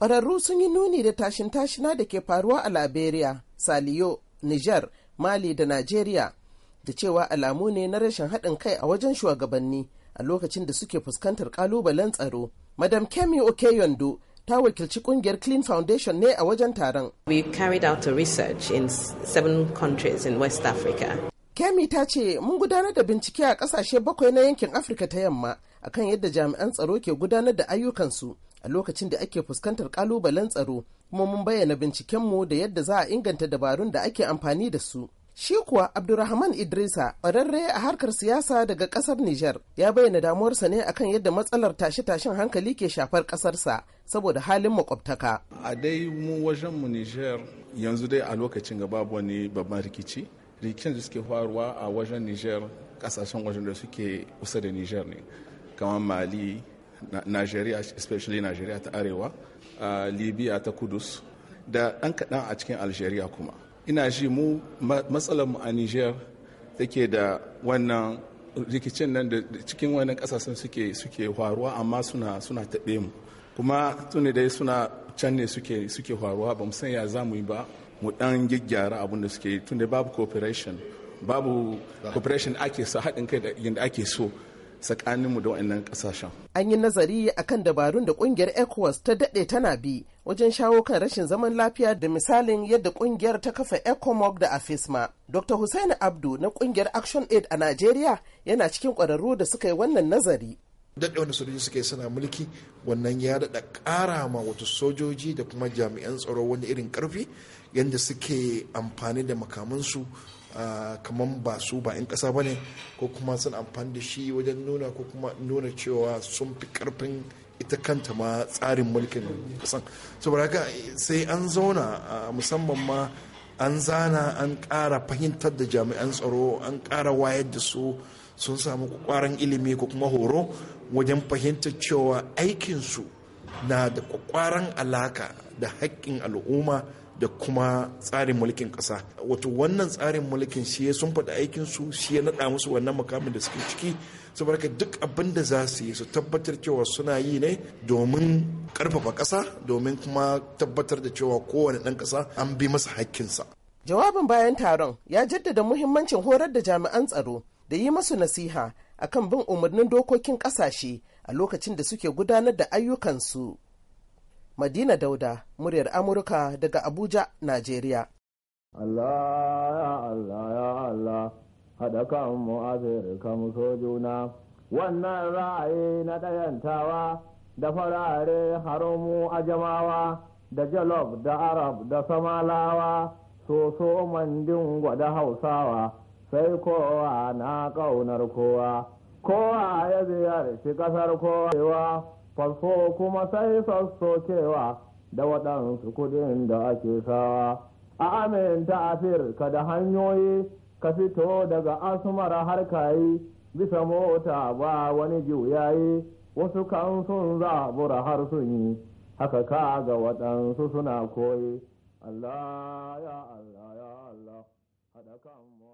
Ƙwararru sun yi nuni da tashin tashina da ke faruwa a Liberia, Saliyo, Niger, Mali da Najeriya da cewa alamu ne na rashin haɗin kai a wajen shugabanni a lokacin da suke fuskantar ƙalubalen tsaro. Madam Kemi Okeyondo ta wakilci ƙungiyar Clean Foundation ne a wajen taron. We carried out a research in seven countries in West Africa. Kemi ta ce mun gudanar da bincike a ƙasashe bakwai na yankin Afirka ta yamma akan yadda jami'an tsaro ke gudanar da ayyukansu a lokacin da ake fuskantar kalubalen tsaro kuma mun bayyana bincikenmu da yadda za a inganta dabarun da ake amfani da su. Shi kuwa abdulrahman Idrisa, ƙwararre a harkar siyasa daga ƙasar niger ya bayyana damuwarsa ne akan yadda matsalar tashe-tashen hankali ke shafar ƙasarsa saboda halin makwabtaka. A dai mu wajenmu niger yanzu dai a lokacin ga babu wani babban rikici. Rikicin da suke faruwa a wajen niger ƙasashen wajen da suke kusa da niger ne, kamar Mali, Najeriya, especially Najeriya ta Arewa, Libya ta Kudus, da ɗan kaɗan a cikin Algeria kuma. Ina ji mu matsalar mu a Niger take da wannan rikicin nan da cikin wannan ƙasashen suke suke faruwa amma suna suna taɓe mu. Kuma tuni dai suna can ne suke suke faruwa ba san ya za mu yi ba mu ɗan gyaggyara abin da suke tunda babu cooperation babu cooperation ake sa haɗin kai da yadda ake so tsakaninmu da wa'annan kasashen. An yi nazari akan dabarun da kungiyar ECOWAS ta daɗe tana bi wajen shawo kan rashin zaman lafiya da misalin yadda kungiyar ta kafa ECOMOG da AFISMA. Dr. Hussein Abdu na kungiyar Action Aid a Najeriya yana cikin ƙwararru da suka yi wannan nazari. daɗe wanda sojoji suke suna mulki wannan ya daɗa ƙara ma wato sojoji da kuma jami'an tsaro wani irin ƙarfi yadda suke amfani da makamansu kamar ba su ba in ƙasa ba ne ko kuma sun amfani da shi wajen nuna ko kuma nuna cewa sun fi karfin ita kanta ma tsarin mulkin kasan saboda haka sai an zauna musamman ma an zana an ƙara fahimtar da jami'an tsaro an ƙara wayar da su sun samu ƙwaran ilimi ko kuma horo wajen fahimtar cewa aikinsu na da kwakwaran alaka da haƙƙin al'umma da kuma tsarin mulkin ƙasa wato wannan tsarin mulkin shi ya sun faɗi su shi ya naɗa musu wannan mukamin da suke ciki saboda duk abin da za su yi su tabbatar cewa suna yi ne domin ƙarfafa ƙasa domin kuma tabbatar da cewa kowane ɗan ƙasa an bi masa haƙƙinsa. Jawabin bayan taron ya jaddada muhimmancin horar da jami'an tsaro da yi masu nasiha akan bin umarnin dokokin kasashe a lokacin da suke gudanar da ayyukansu. Madina Dauda, muryar Amurka daga Abuja, Najeriya. Allah ya Allah haɗa kan Afirka wannan ra'ayi na ɗayantawa da farare haramu a jamawa da jalof da arab da samalawa. soso mandin gwada hausawa sai kowa na kaunar kowa kowa ya ziyarci ƙasar kowa faso kuma sai cewa da waɗansu kuɗin da ake sawa a aminta afirka da hanyoyi ka fito daga asmar har kayi bisa mota ba wani juyayi wasu kan sun zabura har sun yi haka ka ga waɗansu suna koyi Allah ya Allah ya Allah haɗa kan mu